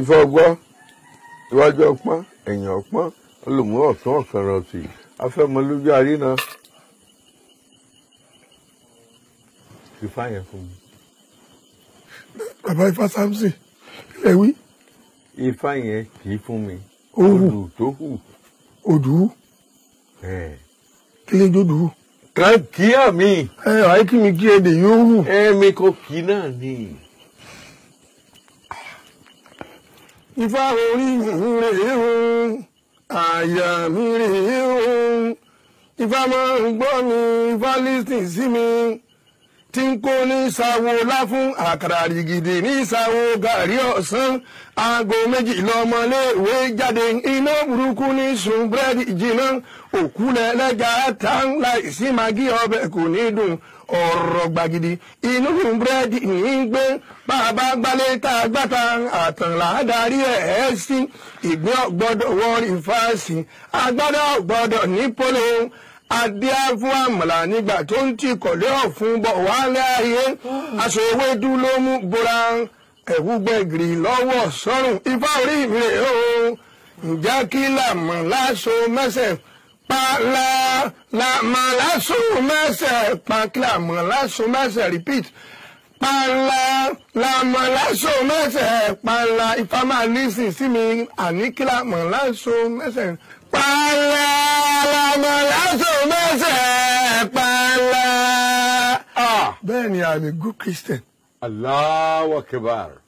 ìfọgbọ́ iwájú ọpọ́n ẹ̀yìn ọpọ́n olùmú ọ̀tún ọ̀kàrà ọ̀sì afẹ́mọlójú àríná ìfá yẹn fún mi. bàbá Ifá Samson ilẹ̀ wí. Ifá yẹn kì í fún mi. odù tó hù. odù. kí lè jó dùú. kan kíá mi. ẹ ọ̀ ayé kí mi kí ẹ dè yóò hù. ẹ mi kò kí náà ni. ifá orí mi rèé o àyà mi rèé o ifá máa ń gbọ́ mi ifá lísìn sí mi. tí ń kó ní sáwó láfún àkàrà rìgìdì ní sáwó gàrí ọ̀sán aago méjì lọ́mọléèwé jáde iná burúkú ní sun jìnnà òkú lẹ́lẹ́gà tá láìsí magi ọbẹ̀ kò ní dùn ọ̀rọ̀ gbàgìdì inú búrẹ́dì ní í gbé bàbá gbalẹ̀ tá a gbàtà àtànlá darí ẹ̀ adíá fún àmàlà nígbà tó ń ti kọ̀lé ọ̀fun bọ̀ wálé ayé aṣọ ewédú ló mú bora ẹ̀wú lọ́wọ́ sọ́rùn ifá orí mi rè ǹjẹ́ kí làmọ̀ láṣọ mẹ́sẹ̀ pa la làmọ̀ láṣọ mẹ́sẹ̀ pa kí làmọ̀ láṣọ mẹ́sẹ̀ repeat panla lamọ láṣọ mẹsẹ panla ifá máa lísìn sí mi àníkílámọ láṣọ mẹsẹ panla lamọ láṣọ tó mẹ́sẹ̀ pààlà. Ah. bẹ́ẹ̀ ni àmì good christian. Allahu Akbar.